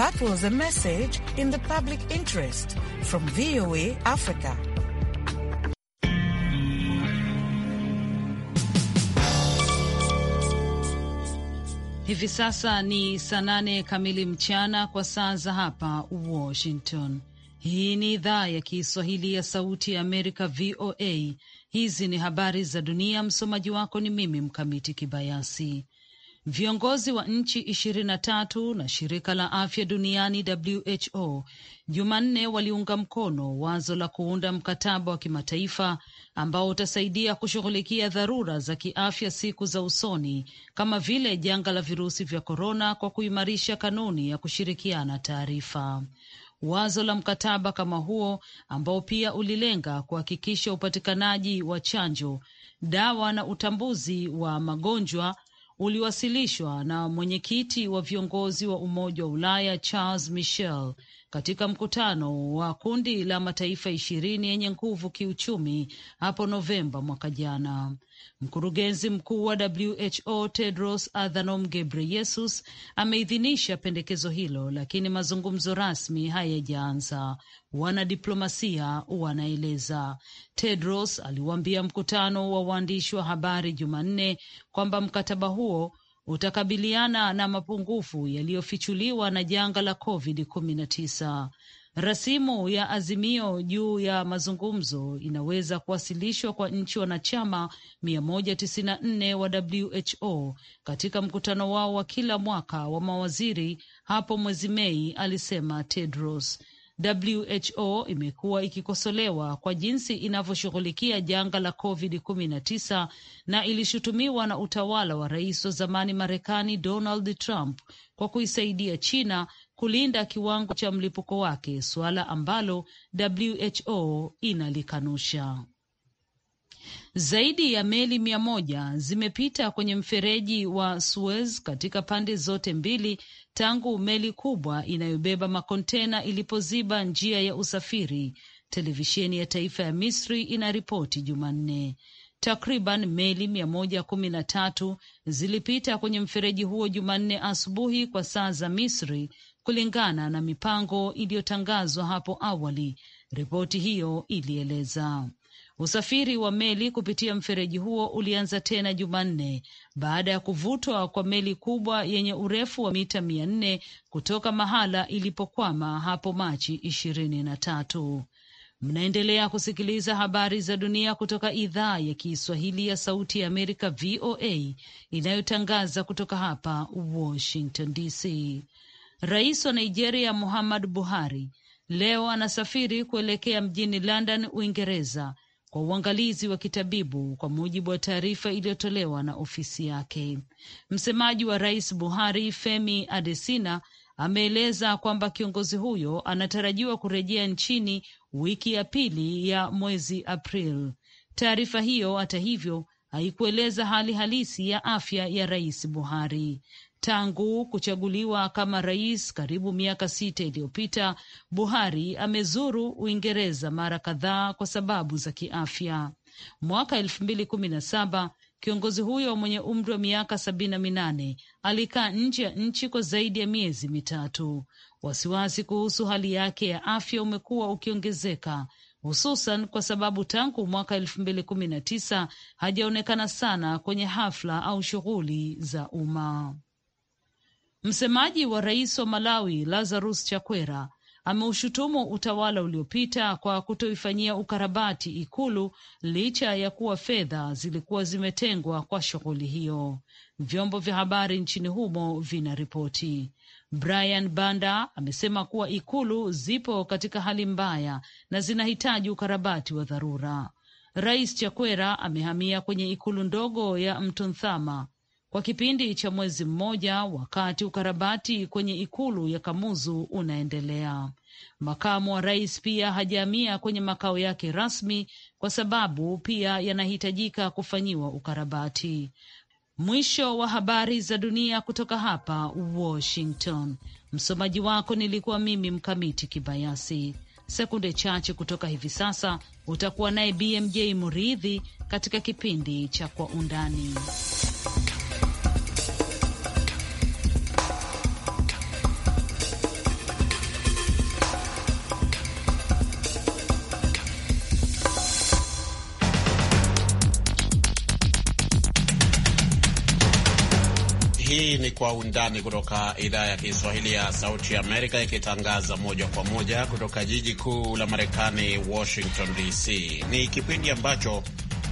That was a message in the public interest from VOA Africa. Hivi sasa ni saa nane kamili mchana kwa saa za hapa Washington. Hii ni idhaa ya Kiswahili ya Sauti ya Amerika, VOA. Hizi ni habari za dunia. Msomaji wako ni mimi Mkamiti Kibayasi. Viongozi wa nchi ishirini na tatu na shirika la afya duniani WHO Jumanne waliunga mkono wazo la kuunda mkataba wa kimataifa ambao utasaidia kushughulikia dharura za kiafya siku za usoni kama vile janga la virusi vya korona kwa kuimarisha kanuni ya kushirikiana taarifa. Wazo la mkataba kama huo ambao pia ulilenga kuhakikisha upatikanaji wa chanjo, dawa na utambuzi wa magonjwa uliwasilishwa na mwenyekiti wa viongozi wa Umoja wa Ulaya Charles Michel katika mkutano wa kundi la mataifa ishirini yenye nguvu kiuchumi hapo Novemba mwaka jana. Mkurugenzi mkuu wa WHO Tedros Adhanom Ghebreyesus ameidhinisha pendekezo hilo, lakini mazungumzo rasmi hayajaanza, wanadiplomasia wanaeleza. Tedros aliwaambia mkutano wa waandishi wa habari Jumanne kwamba mkataba huo utakabiliana na mapungufu yaliyofichuliwa na janga la COVID-19. Rasimu ya azimio juu ya mazungumzo inaweza kuwasilishwa kwa nchi wanachama 194 wa WHO katika mkutano wao wa kila mwaka wa mawaziri hapo mwezi Mei, alisema Tedros. WHO imekuwa ikikosolewa kwa jinsi inavyoshughulikia janga la COVID-19 na ilishutumiwa na utawala wa rais wa zamani Marekani Donald Trump kwa kuisaidia China kulinda kiwango cha mlipuko wake, suala ambalo WHO inalikanusha. Zaidi ya meli mia moja zimepita kwenye mfereji wa Suez katika pande zote mbili tangu meli kubwa inayobeba makontena ilipoziba njia ya usafiri, televisheni ya taifa ya Misri inaripoti Jumanne. Takriban meli mia moja kumi na tatu zilipita kwenye mfereji huo Jumanne asubuhi kwa saa za Misri, kulingana na mipango iliyotangazwa hapo awali, ripoti hiyo ilieleza. Usafiri wa meli kupitia mfereji huo ulianza tena Jumanne baada ya kuvutwa kwa meli kubwa yenye urefu wa mita mia nne kutoka mahala ilipokwama hapo Machi ishirini na tatu. Mnaendelea kusikiliza habari za dunia kutoka idhaa ya Kiswahili ya Sauti ya Amerika, VOA, inayotangaza kutoka hapa Washington DC. Rais wa Nigeria muhammad Buhari leo anasafiri kuelekea mjini London, Uingereza, kwa uangalizi wa kitabibu, kwa mujibu wa taarifa iliyotolewa na ofisi yake. Msemaji wa rais Buhari Femi Adesina ameeleza kwamba kiongozi huyo anatarajiwa kurejea nchini wiki ya pili ya mwezi Aprili. Taarifa hiyo hata hivyo haikueleza hali halisi ya afya ya rais Buhari. Tangu kuchaguliwa kama rais karibu miaka sita iliyopita, Buhari amezuru Uingereza mara kadhaa kwa sababu za kiafya. Mwaka elfu mbili kumi na saba kiongozi huyo mwenye umri wa miaka sabini na minane alikaa nje ya nchi kwa zaidi ya miezi mitatu. Wasiwasi kuhusu hali yake ya afya umekuwa ukiongezeka hususan kwa sababu tangu mwaka elfu mbili kumi na tisa hajaonekana sana kwenye hafla au shughuli za umma. Msemaji wa rais wa Malawi Lazarus Chakwera ameushutumu utawala uliopita kwa kutoifanyia ukarabati ikulu licha ya kuwa fedha zilikuwa zimetengwa kwa shughuli hiyo, vyombo vya habari nchini humo vinaripoti. Brian Banda amesema kuwa ikulu zipo katika hali mbaya na zinahitaji ukarabati wa dharura. Rais Chakwera amehamia kwenye ikulu ndogo ya Mtunthama kwa kipindi cha mwezi mmoja, wakati ukarabati kwenye ikulu ya Kamuzu unaendelea. Makamu wa rais pia hajaamia kwenye makao yake rasmi kwa sababu pia yanahitajika kufanyiwa ukarabati. Mwisho wa habari za dunia kutoka hapa Washington. Msomaji wako nilikuwa mimi Mkamiti Kibayasi. Sekunde chache kutoka hivi sasa utakuwa naye BMJ Muridhi katika kipindi cha Kwa Undani. Hii ni Kwa Undani kutoka idhaa ya Kiswahili ya Sauti Amerika, ikitangaza moja kwa moja kutoka jiji kuu la Marekani, Washington DC. Ni kipindi ambacho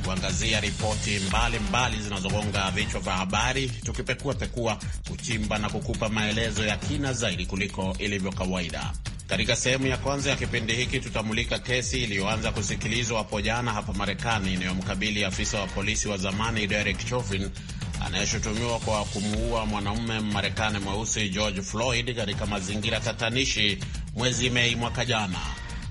kuangazia ripoti mbalimbali zinazogonga vichwa vya habari, tukipekuapekua, kuchimba na kukupa maelezo ya kina zaidi kuliko ilivyo kawaida. Katika sehemu ya kwanza ya kipindi hiki tutamulika kesi iliyoanza kusikilizwa hapo jana hapa Marekani inayomkabili afisa wa polisi wa zamani Derek Chauvin anayeshutumiwa kwa kumuua mwanaume Mmarekani mweusi George Floyd katika mazingira tatanishi mwezi Mei mwaka jana.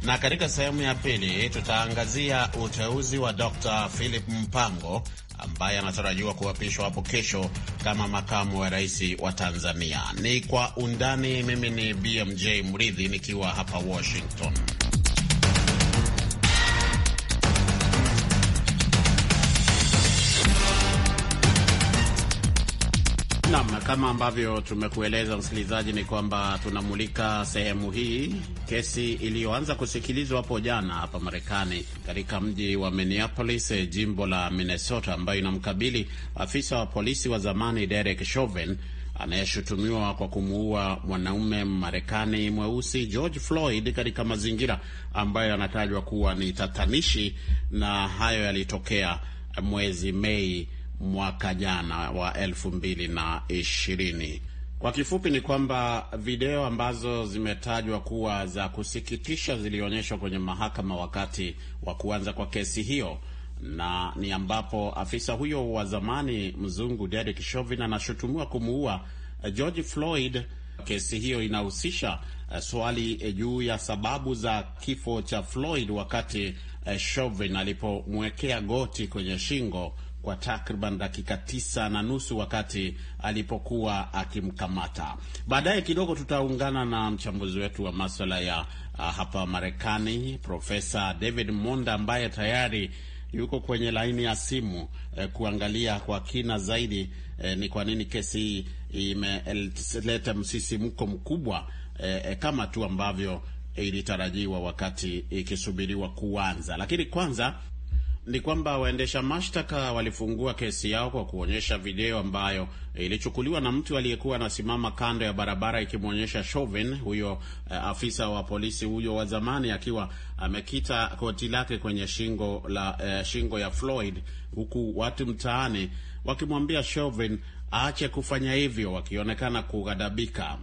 Na katika sehemu ya pili tutaangazia uteuzi wa Dr. Philip Mpango ambaye anatarajiwa kuapishwa hapo kesho kama makamu wa rais wa Tanzania. Ni kwa undani. Mimi ni BMJ Mridhi nikiwa hapa Washington. Naam, kama ambavyo tumekueleza msikilizaji, ni kwamba tunamulika sehemu hii kesi iliyoanza kusikilizwa hapo jana hapa Marekani katika mji wa Minneapolis, eh, jimbo la Minnesota, ambayo inamkabili afisa wa polisi wa zamani Derek Chauvin anayeshutumiwa kwa kumuua mwanaume Marekani mweusi George Floyd katika mazingira ambayo yanatajwa kuwa ni tatanishi, na hayo yalitokea mwezi Mei mwaka jana wa elfu mbili na ishirini. Kwa kifupi ni kwamba video ambazo zimetajwa kuwa za kusikitisha zilionyeshwa kwenye mahakama wakati wa kuanza kwa kesi hiyo, na ni ambapo afisa huyo wa zamani mzungu Derek Chauvin anashutumiwa kumuua George Floyd. Kesi hiyo inahusisha eh, swali eh, juu ya sababu za kifo cha Floyd wakati eh, Chauvin alipomwekea goti kwenye shingo kwa takriban dakika tisa na nusu wakati alipokuwa akimkamata. Baadaye kidogo tutaungana na mchambuzi wetu wa maswala ya ah, hapa Marekani, Profesa David Monda ambaye tayari yuko kwenye laini ya simu eh, kuangalia kwa kina zaidi eh, ni kwa nini kesi hii imeleta msisimko mkubwa eh, eh, kama tu ambavyo ilitarajiwa wakati ikisubiriwa kuanza. Lakini kwanza ni kwamba waendesha mashtaka walifungua kesi yao kwa kuonyesha video ambayo ilichukuliwa na mtu aliyekuwa anasimama kando ya barabara ikimwonyesha Chauvin huyo, uh, afisa wa polisi huyo wa zamani akiwa amekita koti lake kwenye shingo la uh, shingo ya Floyd, huku watu mtaani wakimwambia Chauvin aache kufanya hivyo, wakionekana kughadhabika.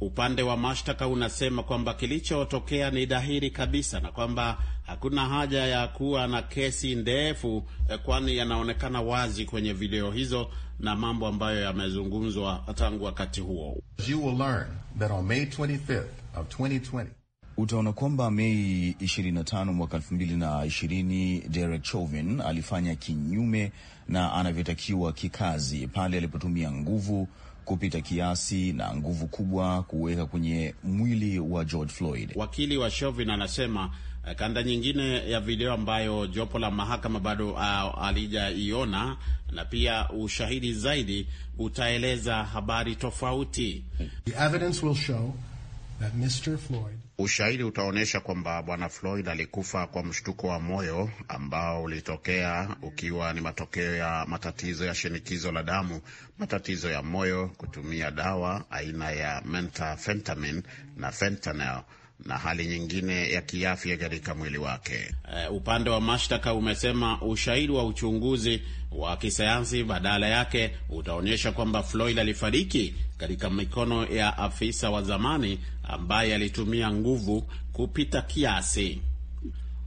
Upande wa mashtaka unasema kwamba kilichotokea ni dhahiri kabisa na kwamba hakuna haja ya kuwa na kesi ndefu, eh, kwani yanaonekana wazi kwenye video hizo na mambo ambayo yamezungumzwa tangu wakati huo. You will learn that on May 25th of 2020 utaona kwamba Mei 25 mwaka 2020 Derek Chauvin alifanya kinyume na anavyotakiwa kikazi pale alipotumia nguvu kupita kiasi na nguvu kubwa kuweka kwenye mwili wa George Floyd. Wakili wa Chauvin anasema eh, kanda nyingine ya video ambayo jopo la mahakama bado ah, halijaiona na pia ushahidi zaidi utaeleza habari tofauti. The evidence will show that Mr. Floyd... ushahidi utaonyesha kwamba bwana Floyd alikufa kwa mshtuko wa moyo ambao ulitokea ukiwa ni matokeo ya matatizo ya shinikizo la damu, matatizo ya moyo, kutumia dawa aina ya methamphetamine na fentanyl na hali nyingine ya kiafya katika mwili wake. Uh, upande wa mashtaka umesema ushahidi wa uchunguzi wa kisayansi badala yake utaonyesha kwamba Floyd alifariki katika mikono ya afisa wa zamani ambaye alitumia nguvu kupita kiasi.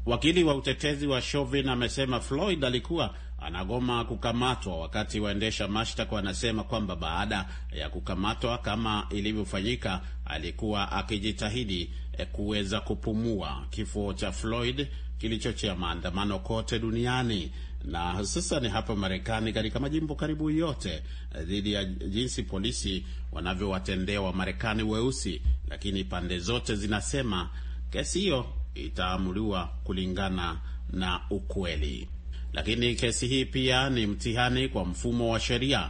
Wakili wa utetezi wa Chauvin amesema Floyd alikuwa anagoma kukamatwa wakati waendesha mashtaka wanasema kwamba baada ya kukamatwa kama ilivyofanyika, alikuwa akijitahidi eh, kuweza kupumua. Kifo cha Floyd kilichochea maandamano kote duniani na hususan hapa Marekani katika majimbo karibu yote eh, dhidi ya jinsi polisi wanavyowatendea Wamarekani weusi, lakini pande zote zinasema kesi hiyo itaamuliwa kulingana na ukweli. Lakini kesi hii pia ni mtihani kwa mfumo wa sheria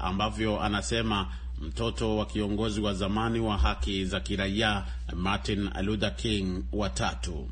ambavyo anasema mtoto wa kiongozi wa zamani wa haki za kiraia Martin Luther King watatu.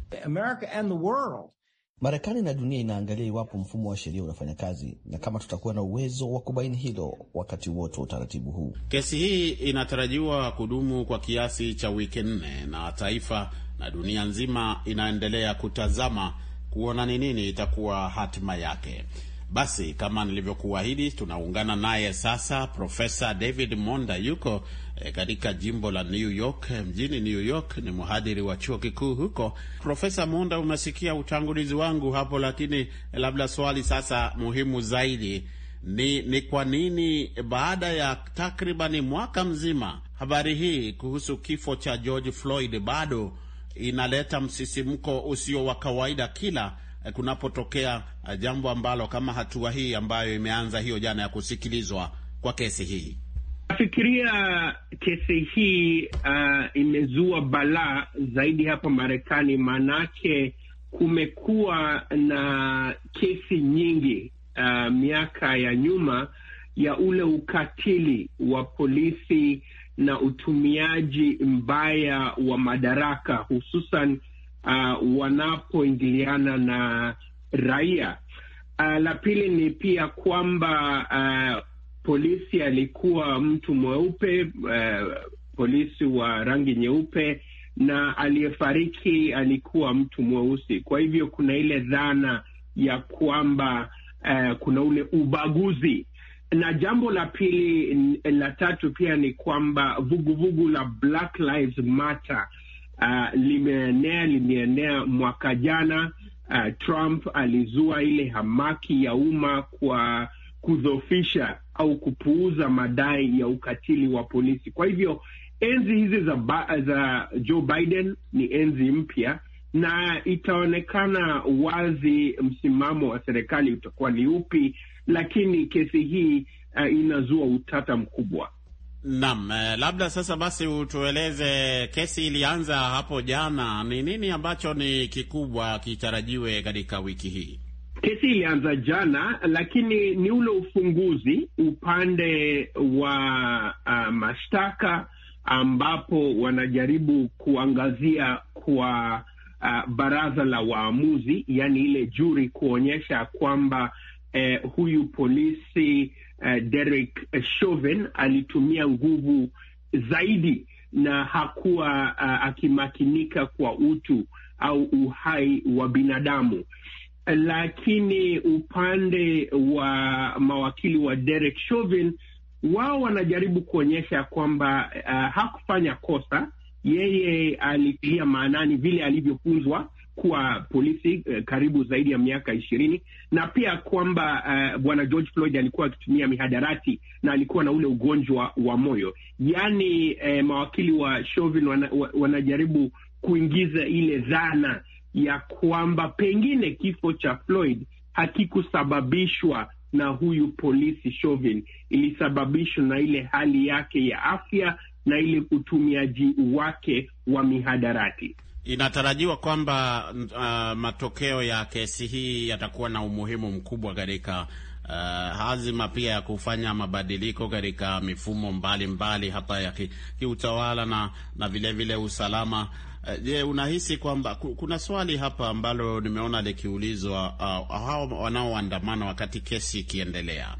Marekani na dunia inaangalia iwapo mfumo wa sheria unafanya kazi na kama tutakuwa na uwezo wa kubaini hilo wakati wote wa utaratibu huu. Kesi hii inatarajiwa kudumu kwa kiasi cha wiki nne na taifa na dunia nzima inaendelea kutazama kuona ni nini itakuwa hatima yake. Basi kama nilivyokuahidi, tunaungana naye sasa. Profesa David Monda yuko e, katika jimbo la New York, eh, mjini New York, ni mhadhiri wa chuo kikuu huko. Profesa Monda, umesikia utangulizi wangu hapo, lakini labda swali sasa muhimu zaidi ni ni kwa nini baada ya takribani mwaka mzima habari hii kuhusu kifo cha George Floyd bado inaleta msisimko usio wa kawaida kila eh, kunapotokea eh, jambo ambalo kama hatua hii ambayo imeanza hiyo jana ya kusikilizwa kwa kesi hii. Nafikiria kesi hii uh, imezua balaa zaidi hapa Marekani, maanake kumekuwa na kesi nyingi uh, miaka ya nyuma ya ule ukatili wa polisi na utumiaji mbaya wa madaraka hususan uh, wanapoingiliana na raia. Uh, la pili ni pia kwamba uh, polisi alikuwa mtu mweupe uh, polisi wa rangi nyeupe na aliyefariki alikuwa mtu mweusi. Kwa hivyo kuna ile dhana ya kwamba uh, kuna ule ubaguzi na jambo la pili la tatu pia ni kwamba vuguvugu vugu la Black Lives Matter uh, limeenea limeenea mwaka jana. Uh, Trump alizua ile hamaki ya umma kwa kudhofisha au kupuuza madai ya ukatili wa polisi. Kwa hivyo enzi hizi za, za Joe Biden ni enzi mpya na itaonekana wazi msimamo wa serikali utakuwa ni upi lakini kesi hii uh, inazua utata mkubwa. Naam, eh, labda sasa basi utueleze kesi ilianza hapo jana, ni nini ambacho ni kikubwa kitarajiwe katika wiki hii? Kesi ilianza jana, lakini ni ule ufunguzi upande wa uh, mashtaka ambapo wanajaribu kuangazia kwa uh, baraza la waamuzi, yaani ile juri, kuonyesha kwamba eh, huyu polisi eh, Derek Chauvin alitumia nguvu zaidi na hakuwa uh, akimakinika kwa utu au uhai wa binadamu. Lakini upande wa mawakili wa Derek Chauvin, wao wanajaribu kuonyesha kwamba uh, hakufanya kosa. Yeye alitilia maanani vile alivyofunzwa kuwa polisi uh, karibu zaidi ya miaka ishirini na pia kwamba uh, bwana George Floyd alikuwa akitumia mihadarati na alikuwa na ule ugonjwa wa moyo. Yaani uh, mawakili wa Chauvin wana, wanajaribu kuingiza ile dhana ya kwamba pengine kifo cha Floyd hakikusababishwa na huyu polisi Chauvin, ilisababishwa na ile hali yake ya afya na ile utumiaji wake wa mihadarati. Inatarajiwa kwamba uh, matokeo ya kesi hii yatakuwa na umuhimu mkubwa katika uh, hazima pia ya kufanya mabadiliko katika mifumo mbalimbali mbali hapa ya kiutawala ki na, na vilevile vile usalama. Uh, je, uh, unahisi kwamba kuna swali hapa ambalo nimeona likiulizwa uh, hao wanaoandamana wakati kesi ikiendelea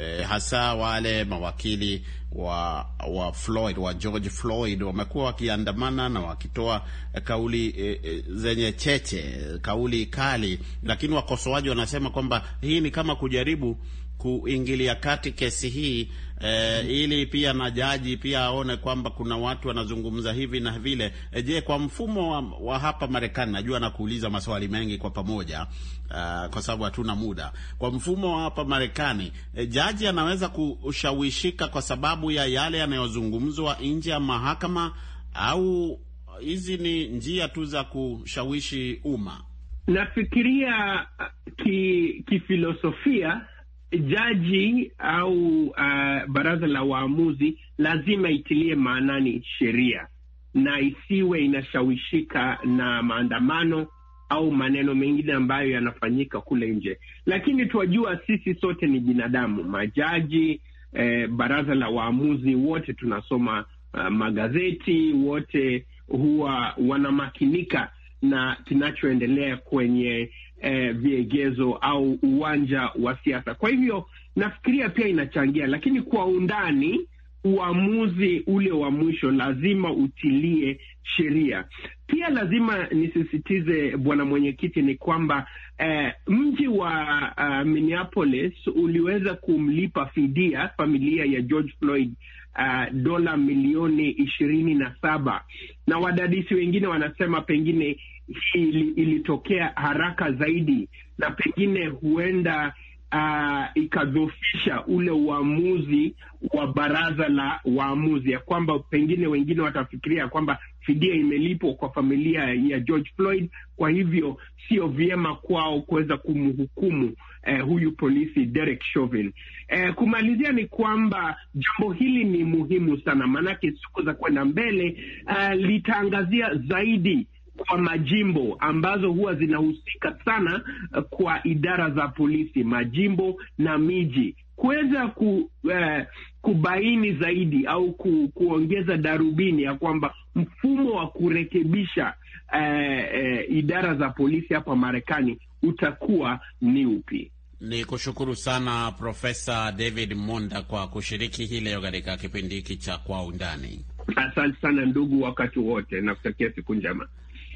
eh, hasa wale mawakili wa wa Floyd, wa George Floyd wamekuwa wakiandamana na wakitoa eh, kauli eh, eh, zenye cheche, kauli kali, lakini wakosoaji wanasema kwamba hii ni kama kujaribu kuingilia kati kesi hii e, ili pia majaji pia aone kwamba kuna watu wanazungumza hivi na vile. Eh, je, kwa mfumo wa, wa hapa Marekani, najua nakuuliza maswali mengi kwa pamoja uh, kwa sababu hatuna muda. Kwa mfumo wa hapa Marekani e, jaji anaweza kushawishika kwa sababu ya yale yanayozungumzwa nje ya mahakama, au hizi ni njia tu za kushawishi umma? Nafikiria kifilosofia ki jaji au uh, baraza la waamuzi lazima itilie maanani sheria na isiwe inashawishika na maandamano au maneno mengine ambayo yanafanyika kule nje. Lakini twajua sisi sote ni binadamu, majaji eh, baraza la waamuzi, wote tunasoma uh, magazeti, wote huwa wanamakinika na kinachoendelea kwenye eh, viegezo au uwanja wa siasa. Kwa hivyo nafikiria pia inachangia, lakini kwa undani uamuzi ule wa mwisho lazima utilie sheria. Pia lazima nisisitize, bwana mwenyekiti, ni kwamba eh, mji wa uh, Minneapolis uliweza kumlipa fidia familia ya George Floyd uh, dola milioni ishirini na saba na wadadisi wengine wanasema pengine ili, ilitokea haraka zaidi na pengine huenda uh, ah, ikadhofisha ule uamuzi wa baraza la waamuzi, ya kwamba pengine wengine watafikiria kwamba fidia imelipwa kwa familia ya George Floyd, kwa hivyo sio vyema kwao kuweza kumhukumu eh, huyu polisi Derek Chauvin. Eh, kumalizia ni kwamba jambo hili ni muhimu sana, maanake siku za kwenda mbele eh, litaangazia zaidi kwa majimbo ambazo huwa zinahusika sana eh, kwa idara za polisi, majimbo na miji kuweza ku, eh, kubaini zaidi au ku, kuongeza darubini ya kwamba mfumo wa kurekebisha eh, eh, idara za polisi hapa Marekani utakuwa ni upi? Ni kushukuru sana Profesa David Monda kwa kushiriki hii leo katika kipindi hiki cha Kwa Undani. Asante sana ndugu, wakati wote, nakutakia siku njema.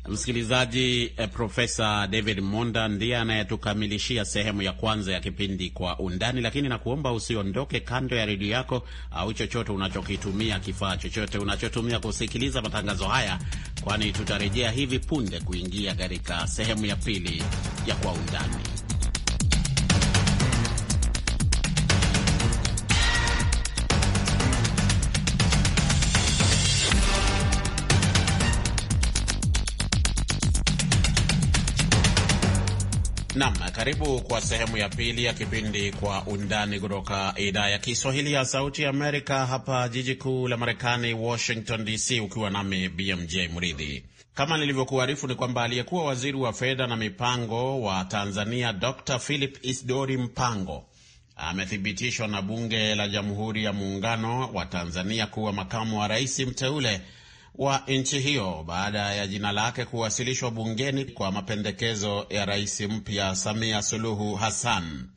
Msikilizaji, eh, Profesa David Monda ndiye anayetukamilishia sehemu ya kwanza ya kipindi Kwa Undani, lakini nakuomba usiondoke kando ya redio yako au chochote unachokitumia, kifaa chochote unachotumia kusikiliza matangazo haya, kwani tutarejea hivi punde kuingia katika sehemu ya pili ya Kwa Undani. Nam, karibu kwa sehemu ya pili ya kipindi Kwa Undani kutoka idhaa ya Kiswahili ya Sauti ya Amerika, hapa jiji kuu la Marekani, Washington DC, ukiwa nami BMJ Mridhi. Kama nilivyokuarifu ni kwamba aliyekuwa waziri wa fedha na mipango wa Tanzania Dr Philip Isdori Mpango amethibitishwa na Bunge la Jamhuri ya Muungano wa Tanzania kuwa makamu wa rais mteule wa nchi hiyo baada ya jina lake kuwasilishwa bungeni kwa mapendekezo ya rais mpya Samia Suluhu Hassan.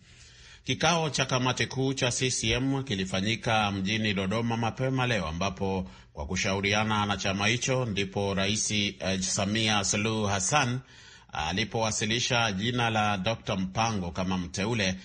Kikao cha kamati kuu cha CCM kilifanyika mjini Dodoma mapema leo, ambapo kwa kushauriana na chama hicho ndipo rais eh, Samia Suluhu Hassan alipowasilisha jina la Dr. Mpango kama mteule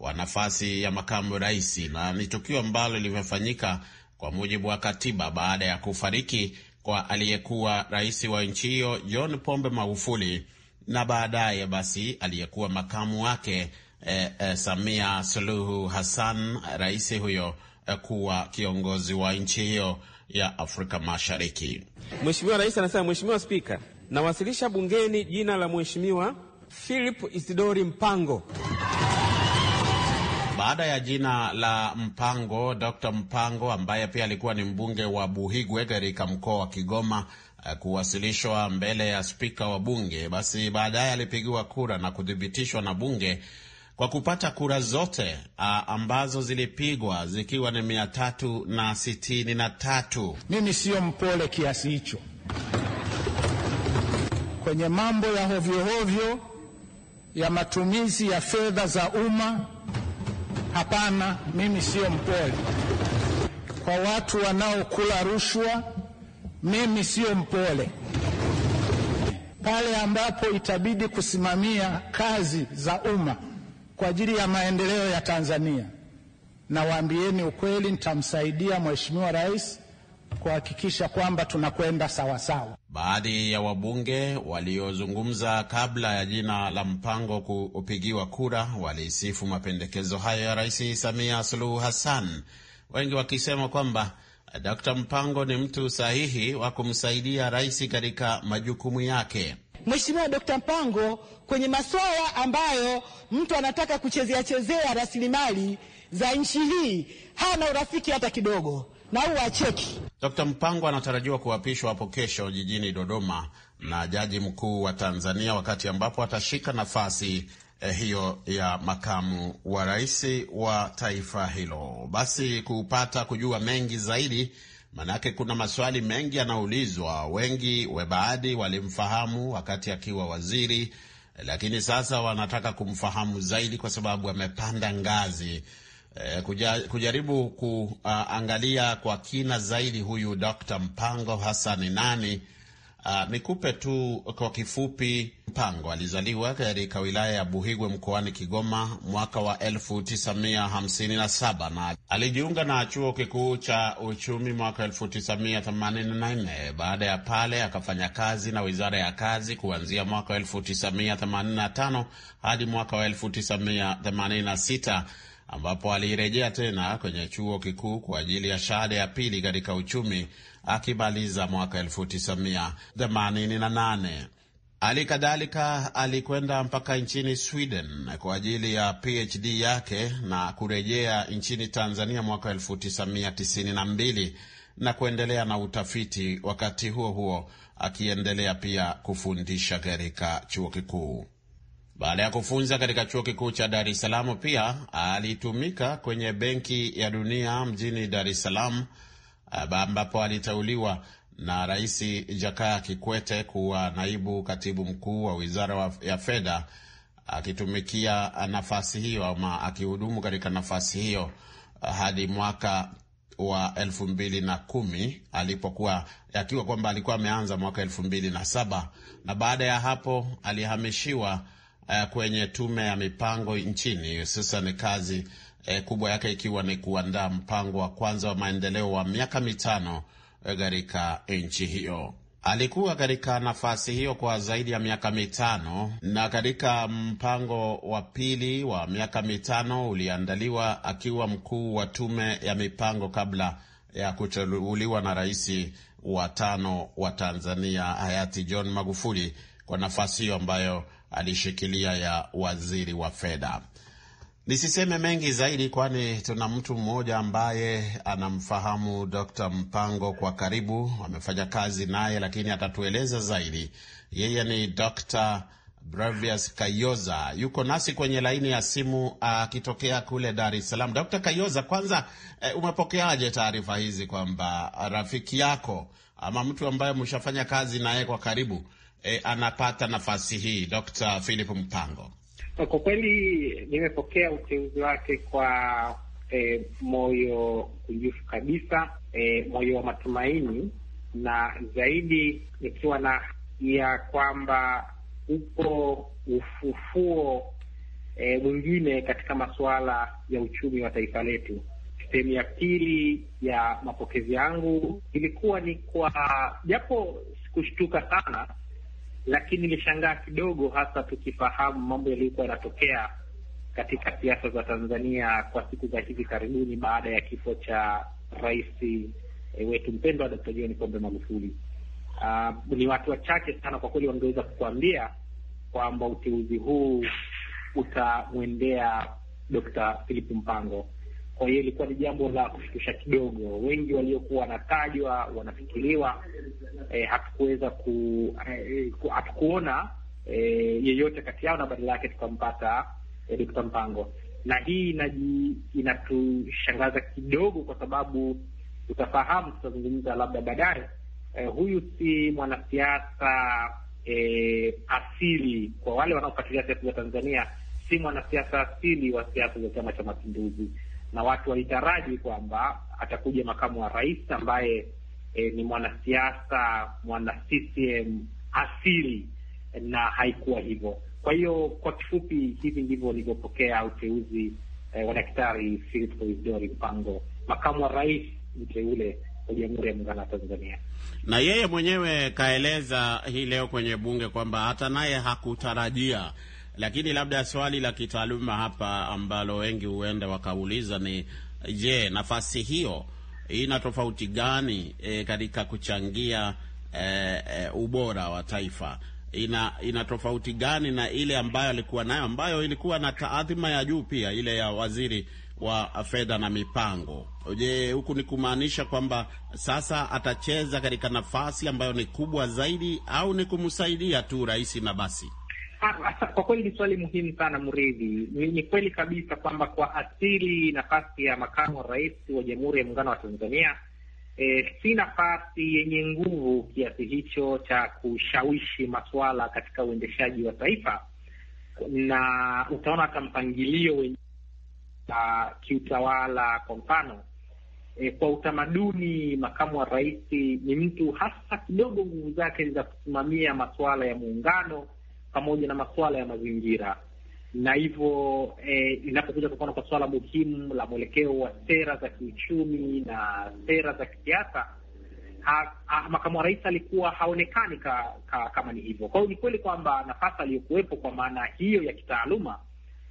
wa nafasi ya makamu rais, na ni tukio ambalo limefanyika kwa mujibu wa katiba baada ya kufariki kwa aliyekuwa rais wa nchi hiyo John Pombe Magufuli na baadaye basi aliyekuwa makamu wake e, e, Samia Suluhu Hassan, rais huyo e, kuwa kiongozi wa nchi hiyo ya Afrika Mashariki. Mheshimiwa Rais anasema, Mheshimiwa Spika, nawasilisha bungeni jina la Mheshimiwa Philip Isidori Mpango baada ya jina la Mpango, Dr. Mpango ambaye pia alikuwa ni mbunge wa Buhigwe katika mkoa wa Kigoma eh, kuwasilishwa mbele ya spika wa bunge, basi baadaye alipigiwa kura na kuthibitishwa na bunge kwa kupata kura zote a, ah, ambazo zilipigwa zikiwa ni mia tatu na sitini na tatu. Mimi siyo mpole kiasi hicho kwenye mambo ya hovyohovyo ya matumizi ya fedha za umma Hapana, mimi sio mpole. Kwa watu wanaokula rushwa, mimi sio mpole. Pale ambapo itabidi kusimamia kazi za umma kwa ajili ya maendeleo ya Tanzania, na waambieni ukweli, nitamsaidia Mheshimiwa Rais kuhakikisha kwamba tunakwenda sawasawa. Baadhi ya wabunge waliozungumza kabla ya jina la mpango kupigiwa kura walisifu mapendekezo hayo ya Rais Samia Suluhu Hassan, wengi wakisema kwamba d Mpango ni mtu sahihi wa kumsaidia rais katika majukumu yake. Mheshimiwa d Mpango kwenye masuala ambayo mtu anataka kuchezea chezea rasilimali za nchi hii hana urafiki hata kidogo na au wacheki. Dr. Mpango anatarajiwa kuapishwa hapo kesho jijini Dodoma na jaji mkuu wa Tanzania wakati ambapo atashika nafasi eh, hiyo ya makamu wa rais wa taifa hilo. Basi kupata kujua mengi zaidi, maanake kuna maswali mengi yanaulizwa. Wengi webaadi walimfahamu wakati akiwa waziri, lakini sasa wanataka kumfahamu zaidi kwa sababu amepanda ngazi eh, kuja, kujaribu kuangalia kwa kina zaidi huyu Dr. Mpango hasa ni nani. Uh, nikupe tu kwa kifupi. Mpango alizaliwa katika wilaya ya Buhigwe mkoani Kigoma mwaka wa 1957 na alijiunga na chuo kikuu cha uchumi mwaka 1984. Baada ya pale akafanya kazi na wizara ya kazi kuanzia mwaka 1985 hadi mwaka wa 1986 ambapo alirejea tena kwenye chuo kikuu kwa ajili ya shahada ya pili katika uchumi akimaliza mwaka 1988. Hali kadhalika alikwenda mpaka nchini Sweden kwa ajili ya PhD yake na kurejea nchini Tanzania mwaka 1992 na kuendelea na utafiti, wakati huo huo akiendelea pia kufundisha katika chuo kikuu. Baada ya kufunza katika chuo kikuu cha Dar es Salaam, pia alitumika kwenye Benki ya Dunia mjini Dar es Salaam, eh, ambapo aliteuliwa na Rais Jakaya Kikwete kuwa naibu katibu mkuu wa wizara ya fedha, akitumikia nafasi hiyo ama akihudumu katika nafasi hiyo eh, hadi mwaka wa elfu mbili na kumi alipokuwa akiwa kwamba alikuwa ameanza mwaka elfu mbili na saba na baada ya hapo alihamishiwa uh, kwenye tume ya mipango nchini, hususan kazi uh, kubwa yake ikiwa ni kuandaa mpango wa kwanza wa maendeleo wa miaka mitano eh, katika nchi hiyo. Alikuwa katika nafasi hiyo kwa zaidi ya miaka mitano, na katika mpango wa pili wa miaka mitano uliandaliwa akiwa mkuu wa tume ya mipango kabla ya kuteuliwa na rais wa tano wa Tanzania hayati John Magufuli kwa nafasi hiyo ambayo alishikilia ya waziri wa fedha. Nisiseme mengi zaidi, kwani tuna mtu mmoja ambaye anamfahamu Dr. Mpango kwa karibu, amefanya kazi naye, lakini atatueleza zaidi. Yeye ni Dr. Bravius Kayoza yuko nasi kwenye laini ya simu akitokea uh, kule Dar es Salaam. Dr. Kayoza, kwanza eh, umepokeaje taarifa hizi kwamba rafiki yako ama mtu ambaye mshafanya kazi naye kwa karibu e, anapata nafasi hii Dr. Philip Mpango? Kwa kweli nimepokea uteuzi wake kwa e, moyo kunjufu kabisa, e, moyo wa matumaini na zaidi nikiwa na ya kwamba upo ufufuo e, mwingine katika masuala ya uchumi wa taifa letu. Sehemu ya pili ya mapokezi yangu ilikuwa ni kwa, japo sikushtuka sana, lakini nilishangaa kidogo, hasa tukifahamu mambo yaliyokuwa yanatokea katika siasa za Tanzania kwa siku za hivi karibuni baada ya kifo cha rais e, wetu mpendwa Dkt. John Pombe Magufuli. Uh, ni watu wachache sana kwa kweli wangeweza kukuambia kwamba uteuzi huu utamwendea Dkt. Philip Mpango. Kwa hiyo ilikuwa ni jambo la kushtusha kidogo. Wengi waliokuwa wanatajwa wanafikiriwa, eh, hatukuweza ku, eh, ku, hatukuona eh, yeyote kati yao, na badala yake tukampata eh, Dokta Mpango, na hii inaji, inatushangaza kidogo kwa sababu utafahamu, tutazungumza labda baadaye eh, huyu si mwanasiasa eh, asili. Kwa wale wanaofuatilia siasa za Tanzania, si mwanasiasa asili wa siasa za Chama cha Mapinduzi na watu walitaraji kwamba atakuja makamu wa rais ambaye e, ni mwanasiasa mwana CCM asili, na haikuwa hivyo. Kwa hiyo kwa kifupi, hivi ndivyo alivyopokea uteuzi e, wa Daktari Philip Mpango, makamu wa rais mteule wa Jamhuri ya Muungano wa Tanzania. Na yeye mwenyewe kaeleza hii leo kwenye bunge kwamba hata naye hakutarajia lakini labda swali la kitaaluma hapa ambalo wengi huenda wakauliza ni je, nafasi hiyo ina tofauti gani e, katika kuchangia e, e, ubora wa taifa ina ina tofauti gani na ile ambayo alikuwa nayo ambayo ilikuwa na taadhima ya juu pia ile ya waziri wa fedha na mipango. Je, huku ni kumaanisha kwamba sasa atacheza katika nafasi ambayo ni kubwa zaidi, au ni kumsaidia tu rais na basi? Ah, kwa kweli ni swali muhimu sana Mridhi. Ni kweli kabisa kwamba kwa asili nafasi ya makamu wa rais wa Jamhuri ya Muungano wa Tanzania e, si nafasi yenye nguvu kiasi hicho cha kushawishi masuala katika uendeshaji wa taifa, na utaona hata mpangilio wenye a, kiutawala, kwa mfano e, kwa utamaduni makamu wa rais ni mtu hasa kidogo, nguvu zake za kusimamia masuala ya muungano pamoja na masuala ya mazingira, na hivyo eh, inapokuja kwa mfano kwa suala muhimu la mwelekeo wa sera za kiuchumi na sera za kisiasa, makamu wa rais alikuwa haonekani ka, ka, kama ni hivyo. Kwa hiyo ni kweli kwamba nafasi aliyokuwepo kwa maana hiyo ya kitaaluma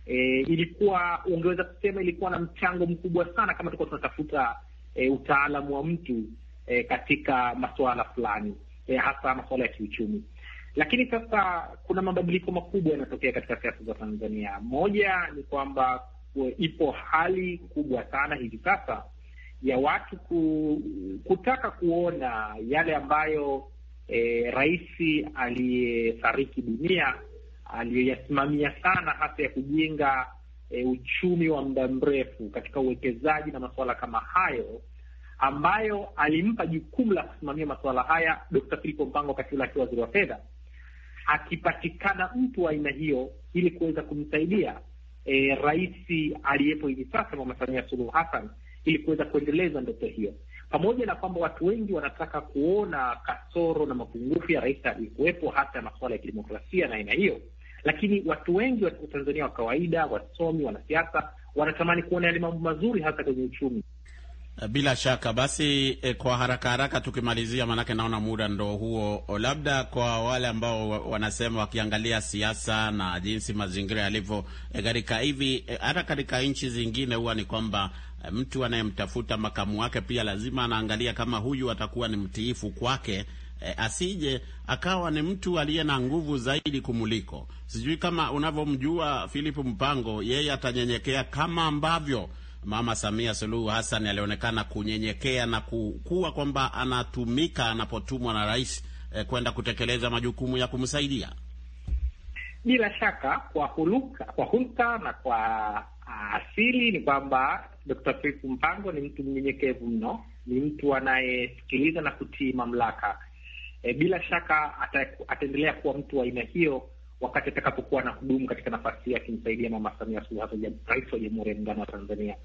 E, ilikuwa ungeweza kusema ilikuwa na mchango mkubwa sana kama tulikuwa tunatafuta e, utaalamu wa mtu e, katika masuala fulani e, hasa masuala ya kiuchumi. Lakini sasa kuna mabadiliko makubwa yanatokea katika siasa za Tanzania. Moja ni kwamba ipo hali kubwa sana hivi sasa ya watu ku, kutaka kuona yale ambayo e, rais aliyefariki dunia aliyoyasimamia sana hasa ya kujenga e, uchumi wa muda mrefu katika uwekezaji na masuala kama hayo ambayo alimpa jukumu la kusimamia masuala haya Dkt. Filipo Mpango wakati ule akiwa waziri wa fedha akipatikana mtu wa aina hiyo ili kuweza kumsaidia e, rais aliyepo hivi sasa Mama Samia Suluhu Hassan ili kuweza kuendeleza ndoto hiyo, pamoja na kwamba watu wengi wanataka kuona kasoro na mapungufu ya rais aliyekuwepo, hata masuala ya kidemokrasia na aina hiyo, lakini watu wengi wa Tanzania wa kawaida, wasomi, wanasiasa wanatamani kuona yale mambo mazuri, hasa kwenye uchumi. Eh, bila shaka basi, eh, kwa haraka haraka tukimalizia, maanake naona muda ndo huo, labda kwa wale ambao wanasema wakiangalia siasa na jinsi mazingira yalivyo eh, katika eh, hivi hata katika nchi zingine huwa ni kwamba eh, mtu anayemtafuta makamu wake pia lazima anaangalia kama huyu atakuwa ni mtiifu kwake, eh, asije akawa ni mtu aliye na nguvu zaidi kumuliko. Sijui kama unavyomjua Philip Mpango, yeye atanyenyekea kama ambavyo Mama Samia Suluhu Hassan alionekana kunyenyekea na kuwa kwamba anatumika anapotumwa na rais eh, kwenda kutekeleza majukumu ya kumsaidia. Bila shaka kwa huluka, kwa hulka na kwa ah, asili ni kwamba Dkt. Philip Mpango ni mtu mnyenyekevu mno, ni mtu anayesikiliza na kutii mamlaka. E, bila shaka ataendelea kuwa mtu wa aina hiyo wakati atakapokuwa na hudumu katika nafasi hii akimsaidia Mama Samia Suluhu Hassan, rais wa Jamhuri ya Muungano wa Tanzania.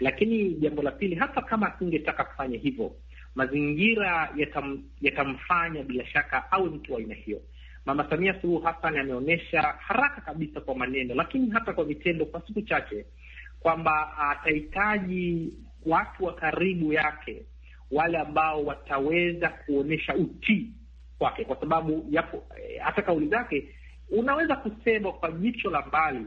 Lakini jambo la pili, hata kama asingetaka kufanya hivyo, mazingira yatam, yatamfanya bila shaka awe mtu wa aina hiyo. Mama Samia Suluhu Hassan ameonyesha haraka kabisa kwa maneno, lakini hata kwa vitendo, kwa siku chache, kwamba atahitaji watu wa karibu yake, wale ambao wataweza kuonyesha utii kwake, kwa sababu yapo eh, hata kauli zake unaweza kusema kwa jicho la mbali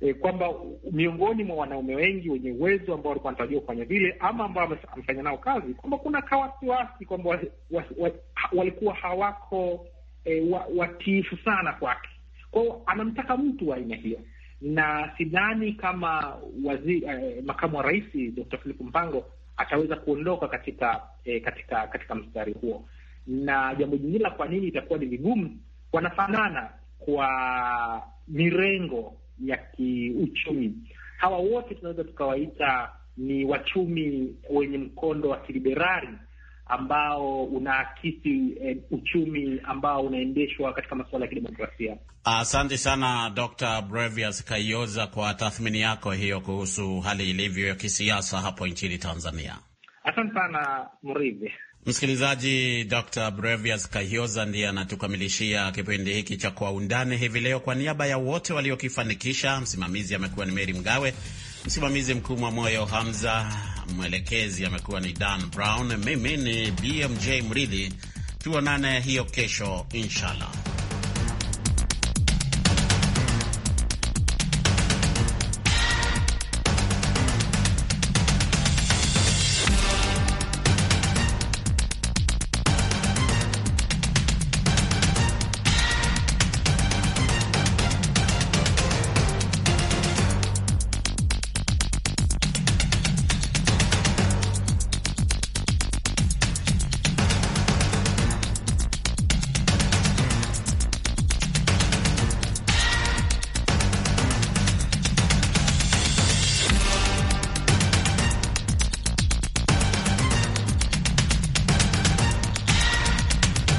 e, kwamba miongoni mwa wanaume wengi wenye uwezo ambao walikuwa wanatarajiwa kufanya vile ama ambao amefanya nao kazi, kwamba kuna kawasiwasi kwamba wa, wa, wa, walikuwa hawako e, watiifu sana kwake. Kwao anamtaka mtu wa aina hiyo, na sidhani kama wazi, eh, makamu wa rais d Philip Mpango ataweza kuondoka katika eh, katika katika mstari huo. Na jambo jingine la kwa nini itakuwa ni vigumu, wanafanana kwa mirengo ya kiuchumi. Hawa wote tunaweza tukawaita ni wachumi wenye mkondo wa kiliberali ambao unaakisi eh, uchumi ambao unaendeshwa katika masuala ya kidemokrasia. Asante sana Dr. Brevius Kayoza kwa tathmini yako hiyo kuhusu hali ilivyo ya kisiasa hapo nchini Tanzania. Asante sana Mridhi. Msikilizaji, Dr Brevias Kahioza ndiye anatukamilishia kipindi hiki cha Kwa Undani hivi leo. Kwa niaba ya wote waliokifanikisha, msimamizi amekuwa ni Meri Mgawe, msimamizi mkuu mwa moyo Hamza, mwelekezi amekuwa ni Dan Brown, mimi ni BMJ Mridhi. Tuonane hiyo kesho inshallah.